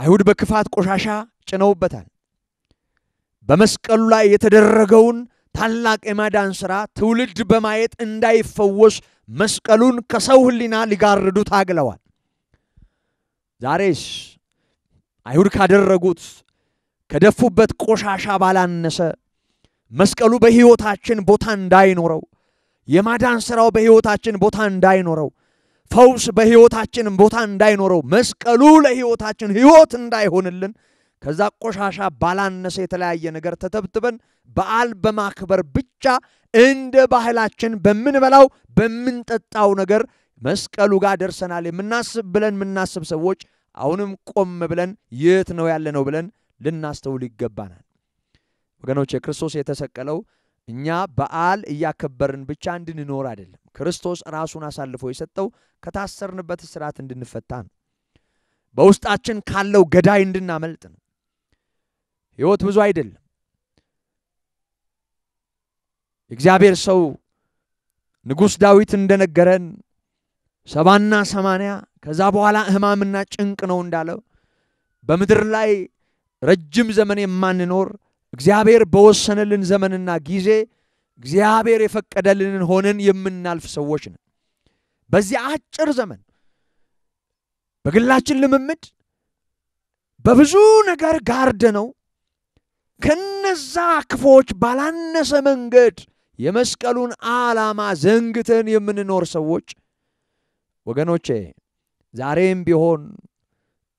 አይሁድ በክፋት ቆሻሻ ጭነውበታል። በመስቀሉ ላይ የተደረገውን ታላቅ የማዳን ሥራ ትውልድ በማየት እንዳይፈወስ መስቀሉን ከሰው ሕሊና ሊጋርዱ ታግለዋል። ዛሬስ አይሁድ ካደረጉት ከደፉበት ቆሻሻ ባላነሰ መስቀሉ በሕይወታችን ቦታ እንዳይኖረው የማዳን ሥራው በሕይወታችን ቦታ እንዳይኖረው ፈውስ በሕይወታችን ቦታ እንዳይኖረው፣ መስቀሉ ለሕይወታችን ሕይወት እንዳይሆንልን ከዛ ቆሻሻ ባላነሰ የተለያየ ነገር ተተብትበን በዓል በማክበር ብቻ እንደ ባህላችን በምንበላው በምንጠጣው ነገር መስቀሉ ጋር ደርሰናል የምናስብ ብለን የምናስብ ሰዎች አሁንም ቆም ብለን የት ነው ያለነው ብለን ልናስተውል ይገባናል። ወገኖች፣ የክርስቶስ የተሰቀለው እኛ በዓል እያከበርን ብቻ እንድንኖር አይደለም። ክርስቶስ ራሱን አሳልፎ የሰጠው ከታሰርንበት ስርዓት እንድንፈታ ነው። በውስጣችን ካለው ገዳይ እንድናመልጥ ነው። ህይወት ብዙ አይደለም። እግዚአብሔር ሰው ንጉሥ ዳዊት እንደነገረን ሰባና ሰማንያ ከዛ በኋላ ህማምና ጭንቅ ነው እንዳለው በምድር ላይ ረጅም ዘመን የማንኖር እግዚአብሔር በወሰነልን ዘመንና ጊዜ እግዚአብሔር የፈቀደልንን ሆነን የምናልፍ ሰዎች ነን። በዚህ አጭር ዘመን በግላችን ልምምድ በብዙ ነገር ጋርደ ነው ከነዛ ክፎች ባላነሰ መንገድ የመስቀሉን ዓላማ ዘንግተን የምንኖር ሰዎች ወገኖቼ ዛሬም ቢሆን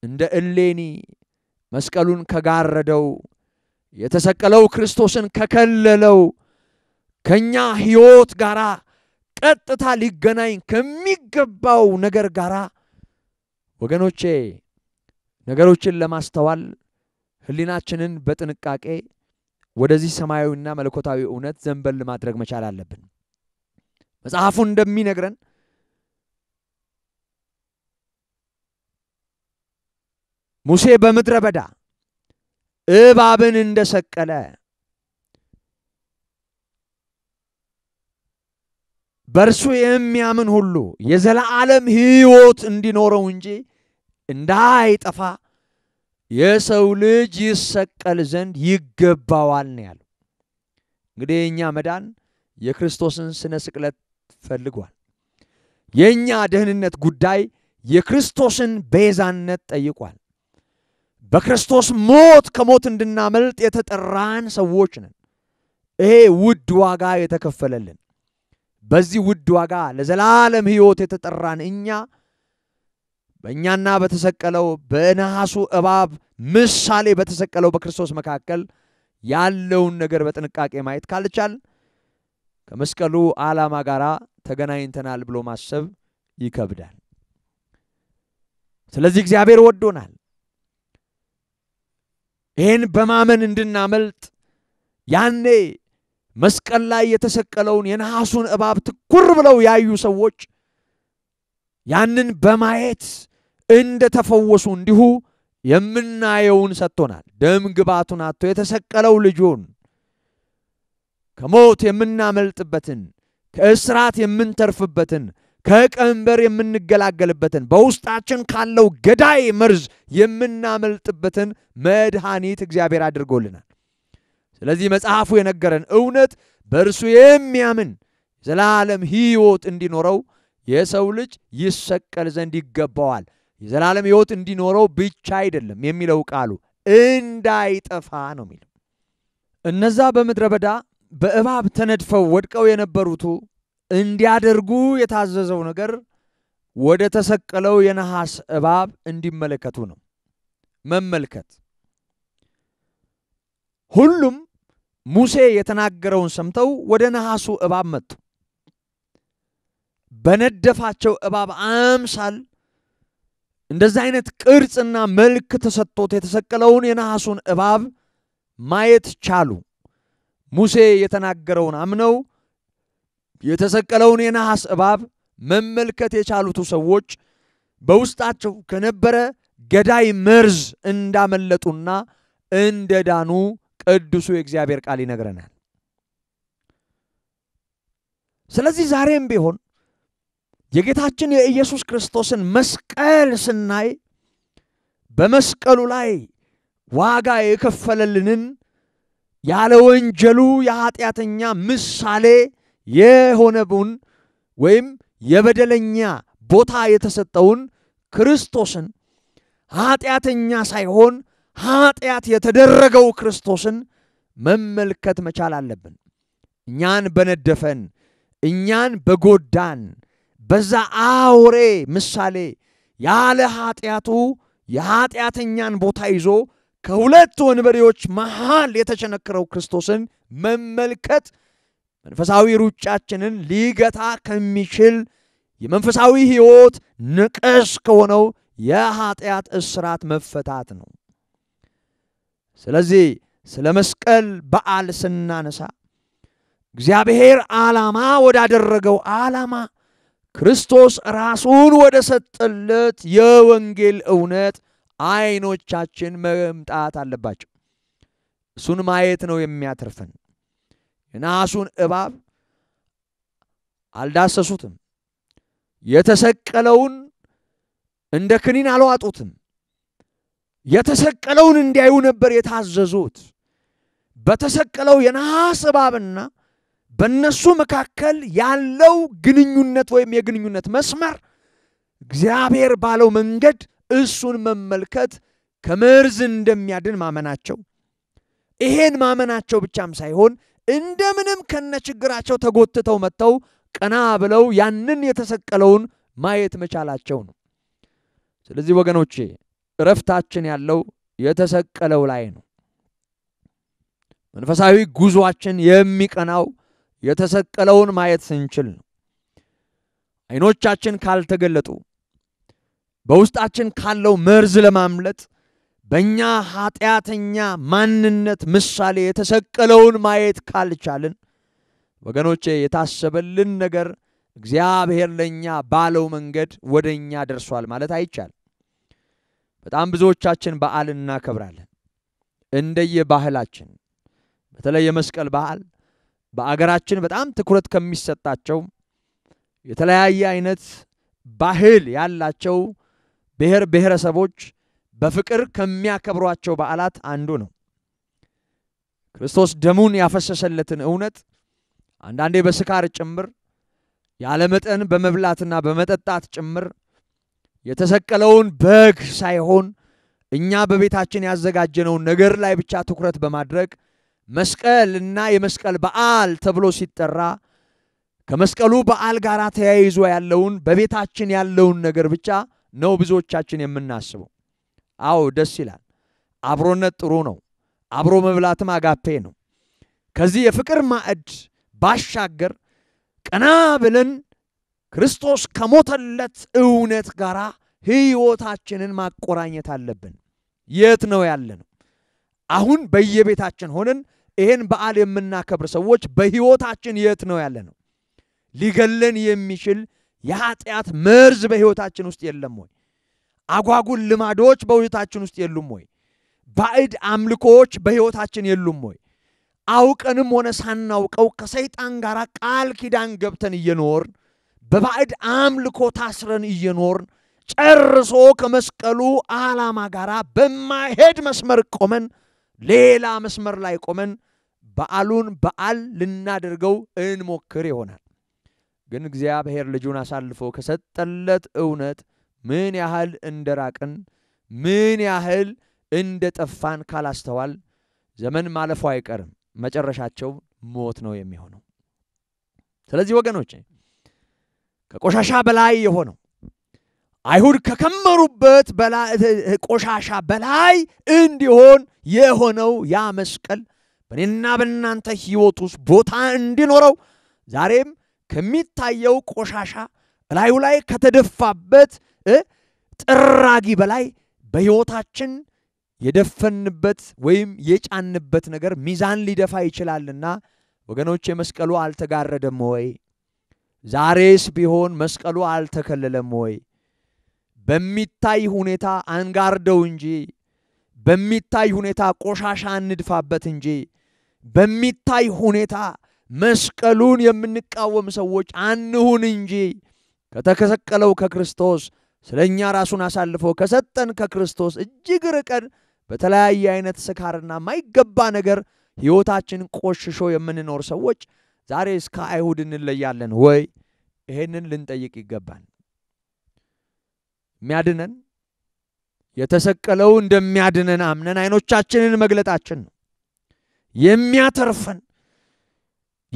እንደ እሌኒ መስቀሉን ከጋረደው የተሰቀለው ክርስቶስን ከከለለው ከኛ ህይወት ጋር ቀጥታ ሊገናኝ ከሚገባው ነገር ጋር ወገኖቼ ነገሮችን ለማስተዋል ህሊናችንን በጥንቃቄ ወደዚህ ሰማያዊና መለኮታዊ እውነት ዘንበል ማድረግ መቻል አለብን። መጽሐፉ እንደሚነግረን ሙሴ በምድረ በዳ እባብን እንደሰቀለ በእርሱ የሚያምን ሁሉ የዘላለም ሕይወት እንዲኖረው እንጂ እንዳይጠፋ የሰው ልጅ ይሰቀል ዘንድ ይገባዋል ነው ያለው። እንግዲህ የእኛ መዳን የክርስቶስን ስነ ስቅለት ፈልጓል። የእኛ ደህንነት ጉዳይ የክርስቶስን ቤዛነት ጠይቋል። በክርስቶስ ሞት ከሞት እንድናመልጥ የተጠራን ሰዎች ነን። ይሄ ውድ ዋጋ የተከፈለልን በዚህ ውድ ዋጋ ለዘላለም ሕይወት የተጠራን እኛ በእኛና በተሰቀለው በነሐሱ እባብ ምሳሌ በተሰቀለው በክርስቶስ መካከል ያለውን ነገር በጥንቃቄ ማየት ካልቻል ከመስቀሉ ዓላማ ጋር ተገናኝተናል ብሎ ማሰብ ይከብዳል። ስለዚህ እግዚአብሔር ወዶናል። ይህን በማመን እንድናመልጥ ያኔ መስቀል ላይ የተሰቀለውን የነሐሱን እባብ ትኩር ብለው ያዩ ሰዎች ያንን በማየት እንደ ተፈወሱ እንዲሁ የምናየውን ሰጥቶናል። ደም ግባቱን አጥቶ የተሰቀለው ልጁን ከሞት የምናመልጥበትን፣ ከእስራት የምንተርፍበትን፣ ከቀንበር የምንገላገልበትን፣ በውስጣችን ካለው ገዳይ መርዝ የምናመልጥበትን መድኃኒት እግዚአብሔር አድርጎልናል። ስለዚህ መጽሐፉ የነገረን እውነት በእርሱ የሚያምን የዘላለም ሕይወት እንዲኖረው የሰው ልጅ ይሰቀል ዘንድ ይገባዋል። የዘላለም ሕይወት እንዲኖረው ብቻ አይደለም የሚለው ቃሉ እንዳይጠፋ ነው የሚለው። እነዛ በምድረ በዳ በእባብ ተነድፈው ወድቀው የነበሩቱ እንዲያደርጉ የታዘዘው ነገር ወደ ተሰቀለው የነሐስ እባብ እንዲመለከቱ ነው። መመልከት ሁሉም ሙሴ የተናገረውን ሰምተው ወደ ነሐሱ እባብ መጡ። በነደፋቸው እባብ አምሳል እንደዚህ አይነት ቅርጽና መልክ ተሰጥቶት የተሰቀለውን የነሐሱን እባብ ማየት ቻሉ። ሙሴ የተናገረውን አምነው የተሰቀለውን የነሐስ እባብ መመልከት የቻሉቱ ሰዎች በውስጣቸው ከነበረ ገዳይ መርዝ እንዳመለጡና እንደዳኑ ቅዱሱ የእግዚአብሔር ቃል ይነግረናል። ስለዚህ ዛሬም ቢሆን የጌታችን የኢየሱስ ክርስቶስን መስቀል ስናይ በመስቀሉ ላይ ዋጋ የከፈለልንን ያለ ወንጀሉ የኃጢአተኛ ምሳሌ የሆነውን ወይም የበደለኛ ቦታ የተሰጠውን ክርስቶስን ኀጢአተኛ ሳይሆን ኃጢአት የተደረገው ክርስቶስን መመልከት መቻል አለብን። እኛን በነደፈን፣ እኛን በጎዳን፣ በዛ አውሬ ምሳሌ ያለ ኃጢአቱ የኃጢአተኛን ቦታ ይዞ ከሁለት ወንበዴዎች መሃል የተቸነከረው ክርስቶስን መመልከት መንፈሳዊ ሩጫችንን ሊገታ ከሚችል የመንፈሳዊ ሕይወት ንቀስ ከሆነው የኃጢአት እስራት መፈታት ነው። ስለዚህ ስለ መስቀል በዓል ስናነሳ እግዚአብሔር ዓላማ ወዳደረገው ዓላማ ክርስቶስ ራሱን ወደ ሰጠለት የወንጌል እውነት አይኖቻችን መምጣት አለባቸው። እሱን ማየት ነው የሚያትርፍን። የነሐሱን እባብ አልዳሰሱትም። የተሰቀለውን እንደ ክኒን አልዋጡትም። የተሰቀለውን እንዲያዩ ነበር የታዘዙት። በተሰቀለው የነሐስ እባብና በእነሱ መካከል ያለው ግንኙነት ወይም የግንኙነት መስመር እግዚአብሔር ባለው መንገድ እሱን መመልከት ከመርዝ እንደሚያድን ማመናቸው ይሄን ማመናቸው ብቻም ሳይሆን እንደምንም ከነ ችግራቸው ተጎትተው መጥተው ቀና ብለው ያንን የተሰቀለውን ማየት መቻላቸው ነው። ስለዚህ ወገኖቼ እረፍታችን ያለው የተሰቀለው ላይ ነው። መንፈሳዊ ጉዟችን የሚቀናው የተሰቀለውን ማየት ስንችል ነው። ዓይኖቻችን ካልተገለጡ በውስጣችን ካለው መርዝ ለማምለጥ በእኛ ኃጢአተኛ ማንነት ምሳሌ የተሰቀለውን ማየት ካልቻልን ወገኖቼ የታሰበልን ነገር እግዚአብሔር ለእኛ ባለው መንገድ ወደ እኛ ደርሷል ማለት አይቻል። በጣም ብዙዎቻችን በዓልን እናከብራለን እንደየ ባህላችን። በተለይ የመስቀል በዓል በአገራችን በጣም ትኩረት ከሚሰጣቸው የተለያየ አይነት ባህል ያላቸው ብሔር ብሔረሰቦች በፍቅር ከሚያከብሯቸው በዓላት አንዱ ነው። ክርስቶስ ደሙን ያፈሰሰለትን እውነት አንዳንዴ በስካር ጭምር ያለመጠን በመብላትና በመጠጣት ጭምር የተሰቀለውን በግ ሳይሆን እኛ በቤታችን ያዘጋጀነውን ነገር ላይ ብቻ ትኩረት በማድረግ መስቀል እና የመስቀል በዓል ተብሎ ሲጠራ ከመስቀሉ በዓል ጋር ተያይዞ ያለውን በቤታችን ያለውን ነገር ብቻ ነው ብዙዎቻችን የምናስበው። አዎ ደስ ይላል። አብሮነት ጥሩ ነው። አብሮ መብላትም አጋፔ ነው። ከዚህ የፍቅር ማዕድ ባሻገር ቀና ብለን ክርስቶስ ከሞተለት እውነት ጋር ህይወታችንን ማቆራኘት አለብን። የት ነው ያለነው? አሁን በየቤታችን ሆነን ይሄን በዓል የምናከብር ሰዎች በህይወታችን የት ነው ያለነው? ሊገለን የሚችል የኃጢአት መርዝ በህይወታችን ውስጥ የለም ወይ? አጓጉል ልማዶች በህይወታችን ውስጥ የሉም ወይ? ባዕድ አምልኮዎች በህይወታችን የሉም ወይ? አውቀንም ሆነ ሳናውቀው ከሰይጣን ጋር ቃል ኪዳን ገብተን እየኖርን በባዕድ አምልኮ ታስረን እየኖርን ጨርሶ ከመስቀሉ ዓላማ ጋር በማይሄድ መስመር ቆመን ሌላ መስመር ላይ ቆመን በዓሉን በዓል ልናደርገው እንሞክር ይሆናል። ግን እግዚአብሔር ልጁን አሳልፎ ከሰጠለት እውነት ምን ያህል እንደራቅን ምን ያህል እንደጠፋን ካላስተዋል ዘመን ማለፉ አይቀርም። መጨረሻቸው ሞት ነው የሚሆነው። ስለዚህ ወገኖች ከቆሻሻ በላይ የሆነው አይሁድ ከከመሩበት ቆሻሻ በላይ እንዲሆን የሆነው ያ መስቀል በእኔና በእናንተ ሕይወት ውስጥ ቦታ እንዲኖረው ዛሬም ከሚታየው ቆሻሻ እላዩ ላይ ከተደፋበት ጥራጊ በላይ በሕይወታችን የደፈንበት ወይም የጫንበት ነገር ሚዛን ሊደፋ ይችላልና ወገኖች የመስቀሉ አልተጋረደም ወይ? ዛሬስ ቢሆን መስቀሉ አልተከለለም ወይ? በሚታይ ሁኔታ አንጋርደው እንጂ በሚታይ ሁኔታ ቆሻሻ እንድፋበት እንጂ በሚታይ ሁኔታ መስቀሉን የምንቃወም ሰዎች አንሁን እንጂ ከተሰቀለው ከክርስቶስ ስለ እኛ ራሱን አሳልፎ ከሰጠን ከክርስቶስ እጅግ ርቀን በተለያየ አይነት ስካርና ማይገባ ነገር ሕይወታችን ቆሽሾ የምንኖር ሰዎች ዛሬ እስከ አይሁድ እንለያለን ወይ? ይሄንን ልንጠይቅ ይገባል። የሚያድነን የተሰቀለው እንደሚያድነን አምነን አይኖቻችንን መግለጣችን ነው የሚያተርፈን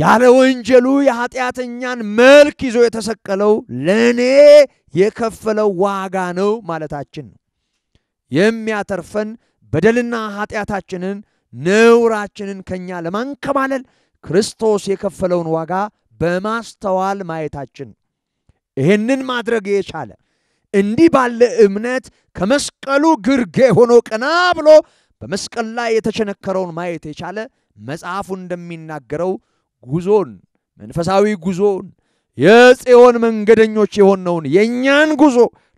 ያለ ወንጀሉ የኃጢአተኛን መልክ ይዞ የተሰቀለው ለእኔ የከፈለው ዋጋ ነው ማለታችን ነው። የሚያተርፈን በደልና ኃጢአታችንን ነውራችንን ከኛ ለማንከባለል ክርስቶስ የከፈለውን ዋጋ በማስተዋል ማየታችን ይህንን ማድረግ የቻለ እንዲህ ባለ እምነት ከመስቀሉ ግርጌ ሆኖ ቀና ብሎ በመስቀል ላይ የተቸነከረውን ማየት የቻለ መጽሐፉ እንደሚናገረው ጉዞን፣ መንፈሳዊ ጉዞን የጽዮን መንገደኞች የሆነውን የእኛን ጉዞ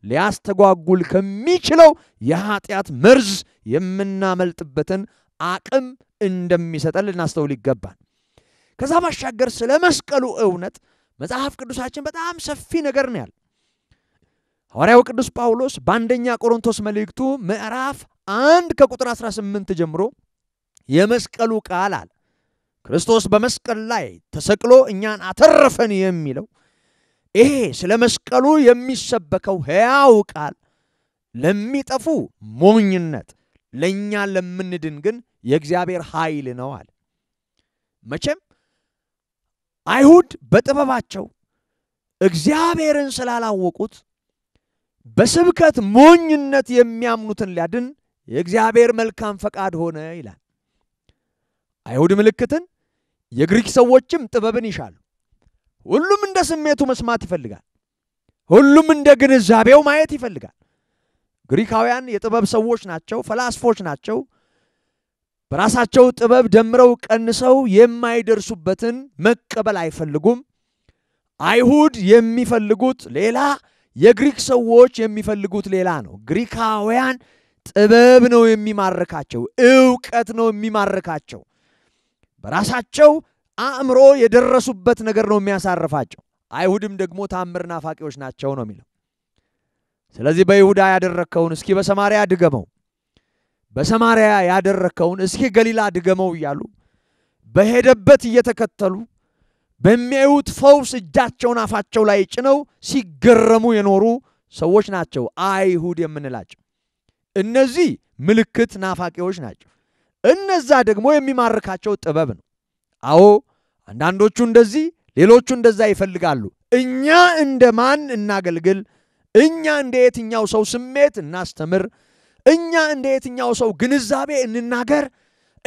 ሊያስተጓጉል ከሚችለው የኀጢአት መርዝ የምናመልጥበትን አቅም እንደሚሰጠን ልናስተውል ይገባል። ከዛ ባሻገር ስለ መስቀሉ እውነት መጽሐፍ ቅዱሳችን በጣም ሰፊ ነገር ነው ያለ። ሐዋርያው ቅዱስ ጳውሎስ በአንደኛ ቆሮንቶስ መልእክቱ ምዕራፍ አንድ ከቁጥር 18 ጀምሮ የመስቀሉ ቃል አለ ክርስቶስ በመስቀል ላይ ተሰቅሎ እኛን አተረፈን የሚለው ይሄ ስለ መስቀሉ የሚሰበከው ሕያው ቃል ለሚጠፉ ሞኝነት፣ ለእኛ ለምንድን ግን የእግዚአብሔር ኃይል ነው አለ። መቼም አይሁድ በጥበባቸው እግዚአብሔርን ስላላወቁት በስብከት ሞኝነት የሚያምኑትን ሊያድን የእግዚአብሔር መልካም ፈቃድ ሆነ ይላል። አይሁድ ምልክትን፣ የግሪክ ሰዎችም ጥበብን ይሻሉ። ሁሉም እንደ ስሜቱ መስማት ይፈልጋል። ሁሉም እንደ ግንዛቤው ማየት ይፈልጋል። ግሪካውያን የጥበብ ሰዎች ናቸው፣ ፈላስፎች ናቸው፣ በራሳቸው ጥበብ ደምረው ቀንሰው የማይደርሱበትን መቀበል አይፈልጉም። አይሁድ የሚፈልጉት ሌላ፣ የግሪክ ሰዎች የሚፈልጉት ሌላ ነው። ግሪካውያን ጥበብ ነው የሚማርካቸው፣ እውቀት ነው የሚማርካቸው። በራሳቸው አእምሮ የደረሱበት ነገር ነው የሚያሳርፋቸው። አይሁድም ደግሞ ታምር ናፋቂዎች ናቸው ነው የሚለው። ስለዚህ በይሁዳ ያደረግከውን እስኪ በሰማርያ ድገመው። በሰማርያ ያደረከውን እስኪ ገሊላ ድገመው እያሉ በሄደበት እየተከተሉ በሚያዩት ፈውስ እጃቸውን አፋቸው ላይ ጭነው ሲገረሙ የኖሩ ሰዎች ናቸው አይሁድ የምንላቸው። እነዚህ ምልክት ናፋቂዎች ናቸው። እነዛ ደግሞ የሚማርካቸው ጥበብ ነው። አዎ አንዳንዶቹ እንደዚህ፣ ሌሎቹ እንደዛ ይፈልጋሉ። እኛ እንደ ማን እናገልግል? እኛ እንደ የትኛው ሰው ስሜት እናስተምር? እኛ እንደ የትኛው ሰው ግንዛቤ እንናገር?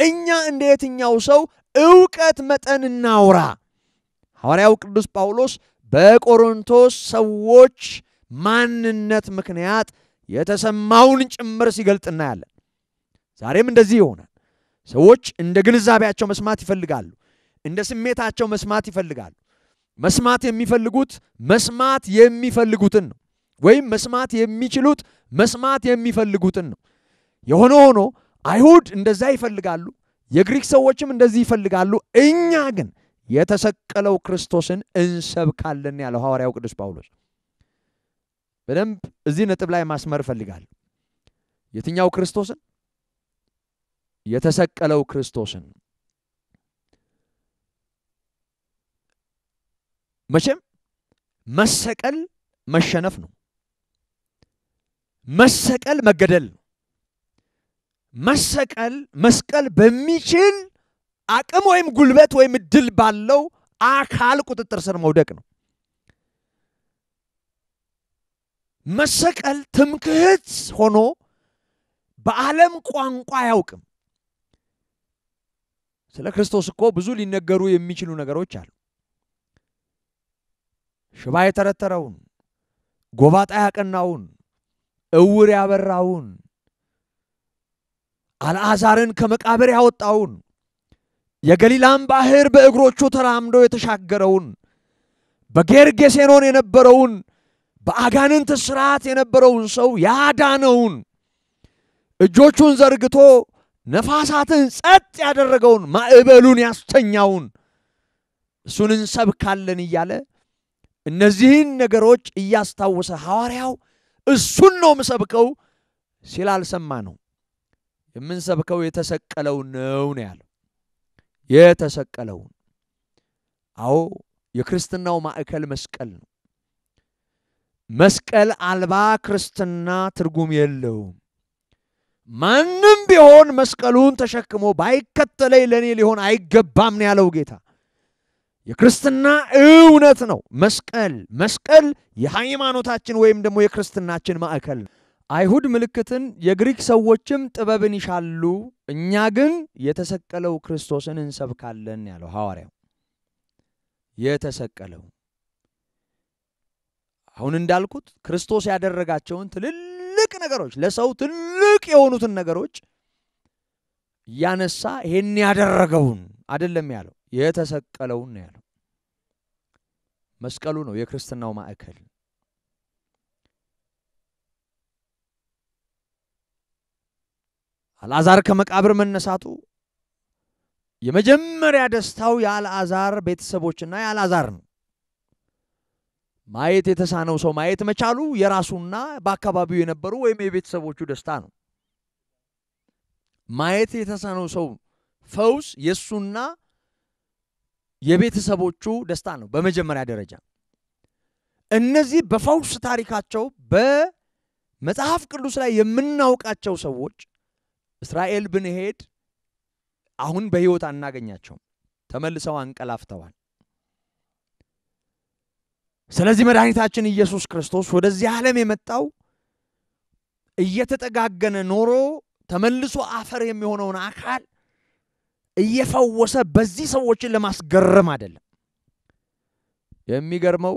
እኛ እንደ የትኛው ሰው እውቀት መጠን እናውራ? ሐዋርያው ቅዱስ ጳውሎስ በቆሮንቶስ ሰዎች ማንነት ምክንያት የተሰማውን ጭምር ሲገልጥ እናያለን። ዛሬም እንደዚህ ይሆናል። ሰዎች እንደ ግንዛቤያቸው መስማት ይፈልጋሉ። እንደ ስሜታቸው መስማት ይፈልጋሉ። መስማት የሚፈልጉት መስማት የሚፈልጉትን ነው ወይም መስማት የሚችሉት መስማት የሚፈልጉትን ነው። የሆነ ሆኖ አይሁድ እንደዛ ይፈልጋሉ፣ የግሪክ ሰዎችም እንደዚህ ይፈልጋሉ። እኛ ግን የተሰቀለው ክርስቶስን እንሰብካለን ያለው ሐዋርያው ቅዱስ ጳውሎስ በደንብ እዚህ ነጥብ ላይ ማስመር እፈልጋለሁ። የትኛው ክርስቶስን? የተሰቀለው ክርስቶስን። መቼም መሰቀል መሸነፍ ነው። መሰቀል መገደል ነው። መሰቀል መስቀል በሚችል አቅም ወይም ጉልበት ወይም እድል ባለው አካል ቁጥጥር ስር መውደቅ ነው። መሰቀል ትምክህት ሆኖ በዓለም ቋንቋ አያውቅም። ስለ ክርስቶስ እኮ ብዙ ሊነገሩ የሚችሉ ነገሮች አሉ። ሽባ የተረተረውን፣ ጎባጣ ያቀናውን፣ እውር ያበራውን አልዓዛርን ከመቃብር ያወጣውን የገሊላን ባህር በእግሮቹ ተራምዶ የተሻገረውን በጌርጌሴኖን የነበረውን በአጋንንት ስርዓት የነበረውን ሰው ያዳነውን እጆቹን ዘርግቶ ነፋሳትን ጸጥ ያደረገውን ማዕበሉን ያስተኛውን እሱን እንሰብካለን እያለ እነዚህን ነገሮች እያስታወሰ ሐዋርያው እሱን ነው የምሰብከው ሲል አልሰማ ነው። የምንሰብከው የተሰቀለው ነው ነው ያለው። የተሰቀለውን አዎ፣ የክርስትናው ማዕከል መስቀል ነው። መስቀል አልባ ክርስትና ትርጉም የለውም። ማንም ቢሆን መስቀሉን ተሸክሞ ባይከተለኝ ለእኔ ሊሆን አይገባም ነው ያለው ጌታ። የክርስትና እውነት ነው መስቀል። መስቀል የሃይማኖታችን ወይም ደግሞ የክርስትናችን ማዕከል ነው። አይሁድ ምልክትን፣ የግሪክ ሰዎችም ጥበብን ይሻሉ፣ እኛ ግን የተሰቀለው ክርስቶስን እንሰብካለን ያለው ሐዋርያው የተሰቀለው አሁን እንዳልኩት ክርስቶስ ያደረጋቸውን ትልልቅ ነገሮች ለሰው ትልቅ የሆኑትን ነገሮች እያነሳ ይሄን ያደረገውን አይደለም ያለው የተሰቀለውን ነው ያለው። መስቀሉ ነው የክርስትናው ማዕከል። አልዓዛር ከመቃብር መነሳቱ የመጀመሪያ ደስታው የአልዓዛር ቤተሰቦችና የአልዓዛር ነው። ማየት የተሳነው ሰው ማየት መቻሉ የራሱና በአካባቢው የነበሩ ወይም የቤተሰቦቹ ደስታ ነው። ማየት የተሳነው ሰው ፈውስ የእሱና የቤተሰቦቹ ደስታ ነው በመጀመሪያ ደረጃ። እነዚህ በፈውስ ታሪካቸው በመጽሐፍ ቅዱስ ላይ የምናውቃቸው ሰዎች እስራኤል ብንሄድ አሁን በሕይወት አናገኛቸውም። ተመልሰው አንቀላፍተዋል። ስለዚህ መድኃኒታችን ኢየሱስ ክርስቶስ ወደዚህ ዓለም የመጣው እየተጠጋገነ ኖሮ ተመልሶ አፈር የሚሆነውን አካል እየፈወሰ በዚህ ሰዎችን ለማስገረም አይደለም። የሚገርመው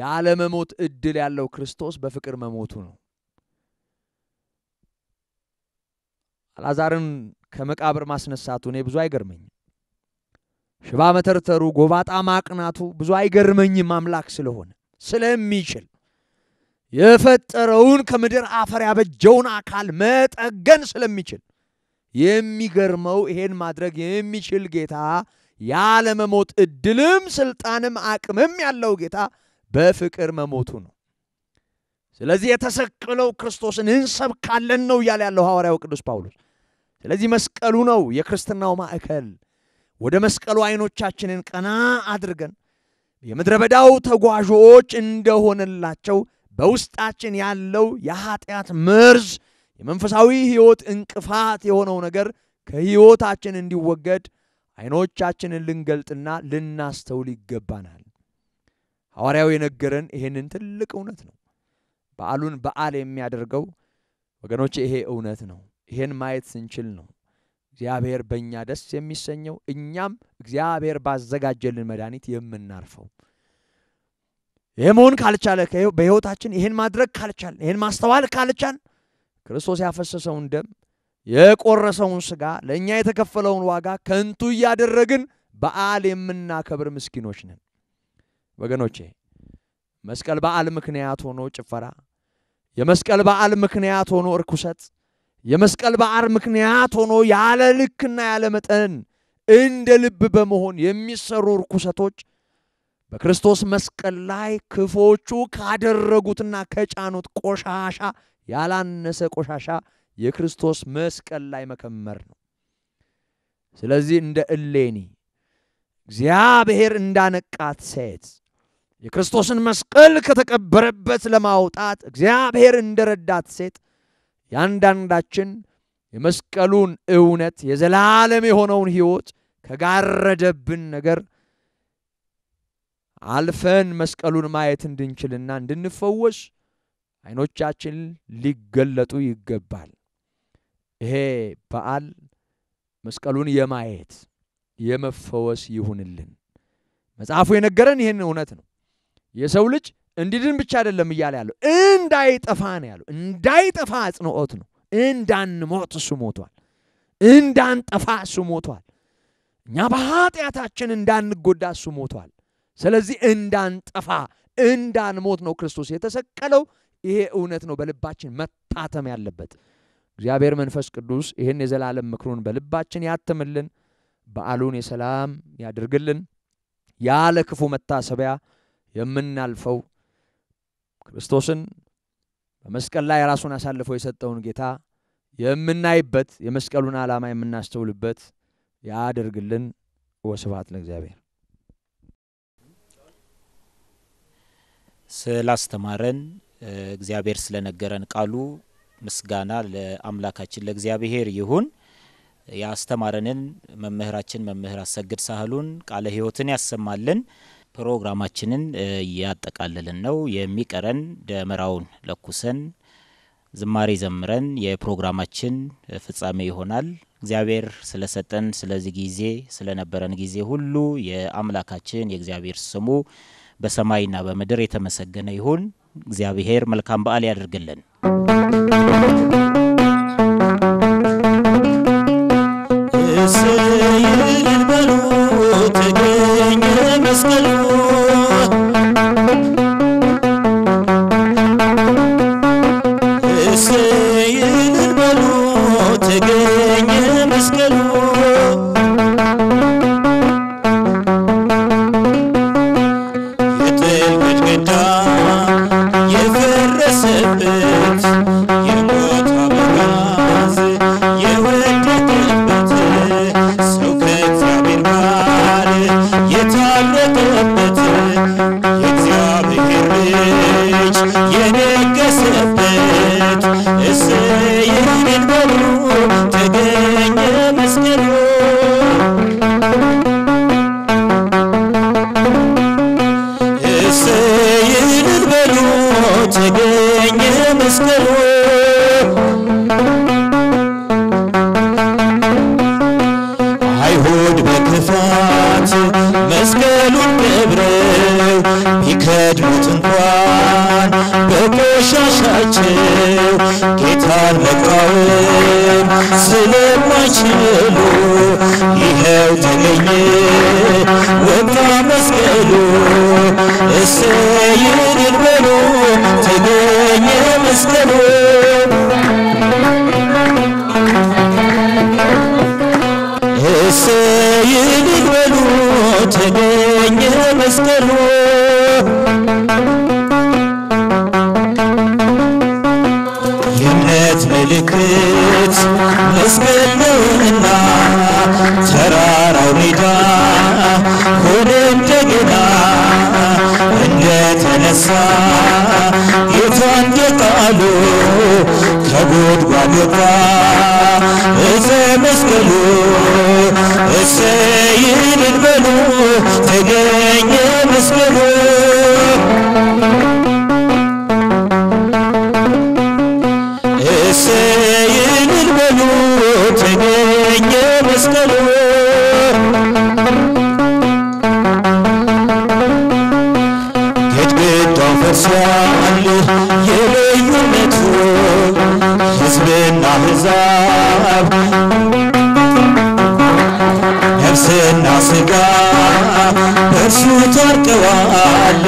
ያለመሞት እድል ያለው ክርስቶስ በፍቅር መሞቱ ነው። አላዛርን ከመቃብር ማስነሳቱ እኔ ብዙ አይገርመኝም። ሽባ መተርተሩ፣ ጎባጣ ማቅናቱ ብዙ አይገርመኝም። አምላክ ስለሆነ ስለሚችል የፈጠረውን ከምድር አፈር ያበጀውን አካል መጠገን ስለሚችል የሚገርመው ይሄን ማድረግ የሚችል ጌታ ያለመሞት እድልም ስልጣንም አቅምም ያለው ጌታ በፍቅር መሞቱ ነው። ስለዚህ የተሰቀለው ክርስቶስን እንሰብካለን ነው እያለ ያለው ሐዋርያው ቅዱስ ጳውሎስ። ስለዚህ መስቀሉ ነው የክርስትናው ማዕከል። ወደ መስቀሉ አይኖቻችንን ቀና አድርገን የምድረ በዳው ተጓዦች እንደሆነላቸው በውስጣችን ያለው የኃጢአት መርዝ የመንፈሳዊ ሕይወት እንቅፋት የሆነው ነገር ከሕይወታችን እንዲወገድ አይኖቻችንን ልንገልጥና ልናስተውል ይገባናል። ሐዋርያው የነገረን ይህንን ትልቅ እውነት ነው። በዓሉን በዓል የሚያደርገው ወገኖች ይሄ እውነት ነው። ይሄን ማየት ስንችል ነው እግዚአብሔር በእኛ ደስ የሚሰኘው እኛም እግዚአብሔር ባዘጋጀልን መድኃኒት የምናርፈው። ይሄ መሆን ካልቻለ በሕይወታችን ይሄን ማድረግ ካልቻል ይሄን ማስተዋል ካልቻል ክርስቶስ ያፈሰሰውን ደም የቆረሰውን ሥጋ ለእኛ የተከፈለውን ዋጋ ከንቱ እያደረግን በዓል የምናከብር ምስኪኖች ነን ወገኖቼ። መስቀል በዓል ምክንያት ሆኖ ጭፈራ፣ የመስቀል በዓል ምክንያት ሆኖ እርኩሰት፣ የመስቀል በዓል ምክንያት ሆኖ ያለ ልክና ያለ መጠን እንደ ልብ በመሆን የሚሰሩ እርኩሰቶች በክርስቶስ መስቀል ላይ ክፎቹ ካደረጉትና ከጫኑት ቆሻሻ ያላነሰ ቆሻሻ የክርስቶስ መስቀል ላይ መከመር ነው። ስለዚህ እንደ እሌኒ እግዚአብሔር እንዳነቃት ሴት የክርስቶስን መስቀል ከተቀበረበት ለማውጣት እግዚአብሔር እንደረዳት ሴት ያንዳንዳችን የመስቀሉን እውነት የዘላለም የሆነውን ሕይወት ከጋረደብን ነገር አልፈን መስቀሉን ማየት እንድንችልና እንድንፈወስ አይኖቻችን ሊገለጡ ይገባል። ይሄ በዓል መስቀሉን የማየት የመፈወስ ይሁንልን። መጽሐፉ የነገረን ይህን እውነት ነው። የሰው ልጅ እንዲድን ብቻ አይደለም እያለ ያለው እንዳይጠፋ ነው ያለው። እንዳይጠፋ አጽንኦት ነው። እንዳንሞት እሱ ሞቷል። እንዳንጠፋ እሱ ሞቷል። እኛ በኃጢአታችን እንዳንጎዳ እሱ ሞቷል። ስለዚህ እንዳንጠፋ እንዳንሞት ነው ክርስቶስ የተሰቀለው። ይሄ እውነት ነው በልባችን መታተም ያለበት። እግዚአብሔር መንፈስ ቅዱስ ይህን የዘላለም ምክሩን በልባችን ያትምልን። በዓሉን የሰላም ያድርግልን። ያለ ክፉ መታሰቢያ የምናልፈው ክርስቶስን በመስቀል ላይ ራሱን አሳልፎ የሰጠውን ጌታ የምናይበት የመስቀሉን ዓላማ የምናስተውልበት ያደርግልን። ወስብሐት ለእግዚአብሔር። ስላስተማረን እግዚአብሔር ስለነገረን ቃሉ ምስጋና ለአምላካችን ለእግዚአብሔር ይሁን። ያስተማረንን መምህራችን መምህር አሰግድ ሳህሉን ቃለ ሕይወትን ያሰማልን። ፕሮግራማችንን እያጠቃለልን ነው። የሚቀረን ደመራውን ለኩሰን ዝማሬ ዘምረን የፕሮግራማችን ፍጻሜ ይሆናል። እግዚአብሔር ስለሰጠን ስለዚህ ጊዜ ስለነበረን ጊዜ ሁሉ የአምላካችን የእግዚአብሔር ስሙ በሰማይና በምድር የተመሰገነ ይሁን። እግዚአብሔር መልካም በዓል ያደርግልን። እስይልን በሉ ተገኘ መስቀሉ ነፍስና ስጋ በእርሱ ታርቀዋል።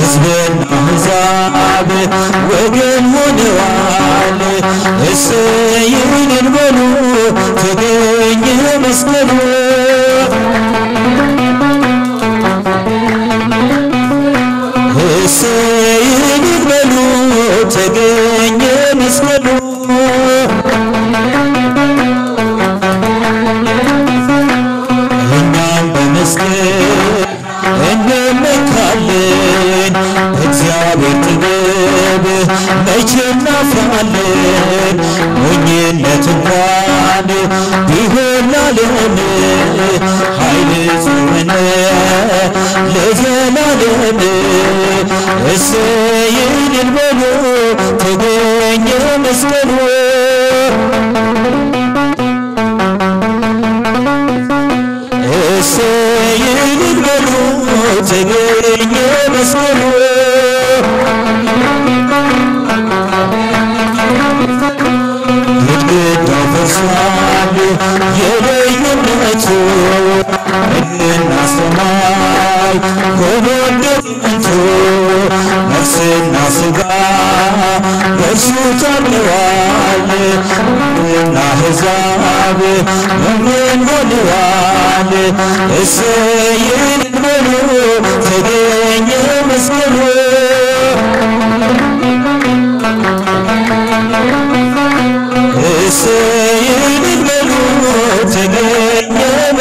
ሕዝብና ሕዛብ ወገን ሆነዋል። እሰይ ይህንን በሉ ተገኘ መስቀሉ እሰይ ይህንን በሉ ተገኘ መስቀሉ ዓለም እሰይ ድል ተገኘ መስቀሉ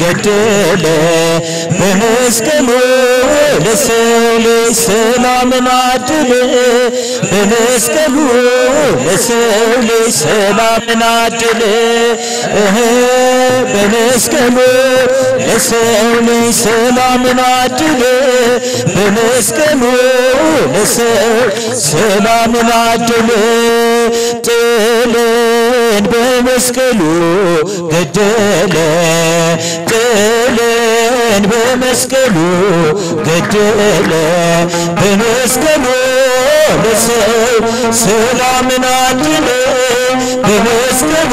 የድል በመስቀሉ ለሰው ልጅ ሰላምን አድል በመስቀሉ ለሰው ልጅ ሰላምን አድል በመስቀሉ ለሰው ልጅ ሰላምን አድል በመስቀሉ ለሰው ሰላምን አድል ጥል ሞትን በመስቀሉ ገደለ ጥልን በመስቀሉ ገደለ በመስቀሉ ለሰው ሰላምን አድነ በመስቀሉ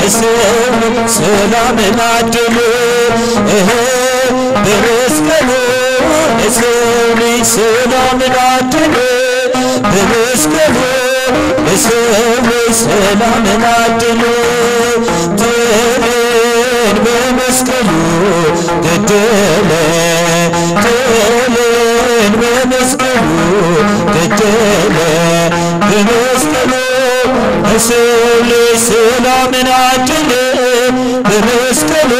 ለሰው ሰላምን አድነ በመስቀሉ ለሰው ሰላምን አድነ በመስቀሉ ለሰዎች ሰላም አድሎ ትልን በመስቀሉ ገደለ ትልን በመስቀሉ ገደለ በመስቀሉ ለሰው ልጅ ሰላምን አድሎ በመስቀሉ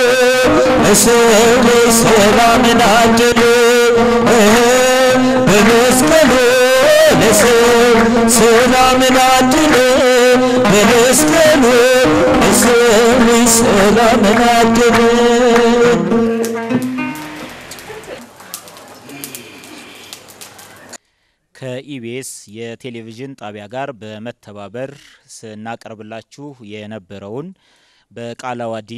ለሰው ልጅ ሰላምን በመስቀሉ ለሰው ሰላምን በመስቀሉ ሰላምን ከኢቢኤስ የቴሌቪዥን ጣቢያ ጋር በመተባበር ስናቀርብላችሁ የነበረውን በቃላዋዲ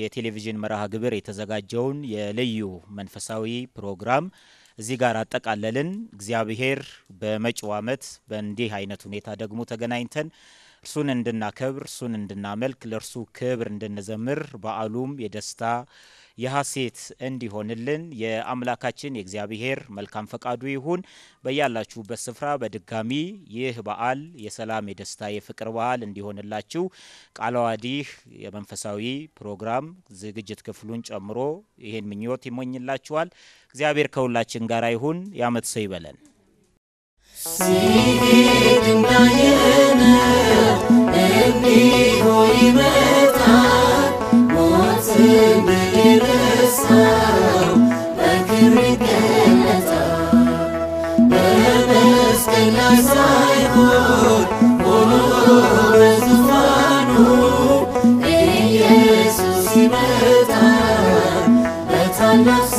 የቴሌቪዥን መርሃ ግብር የተዘጋጀውን የልዩ መንፈሳዊ ፕሮግራም እዚህ ጋር አጠቃለልን። እግዚአብሔር በመጪው ዓመት በእንዲህ አይነት ሁኔታ ደግሞ ተገናኝተን እርሱን እንድናከብር፣ እርሱን እንድናመልክ፣ ለእርሱ ክብር እንድንዘምር በዓሉም የደስታ የሐሴት እንዲሆንልን የአምላካችን የእግዚአብሔር መልካም ፈቃዱ ይሁን። በያላችሁበት ስፍራ በድጋሚ ይህ በዓል የሰላም የደስታ የፍቅር በዓል እንዲሆንላችሁ ቃለ ዓዋዲህ የመንፈሳዊ ፕሮግራም ዝግጅት ክፍሉን ጨምሮ ይህን ምኞት ይሞኝላችኋል። እግዚአብሔር ከሁላችን ጋር ይሁን። ያመት ሰው ይበለን። ሲሄድ እንዳየነ ሞትን ላይ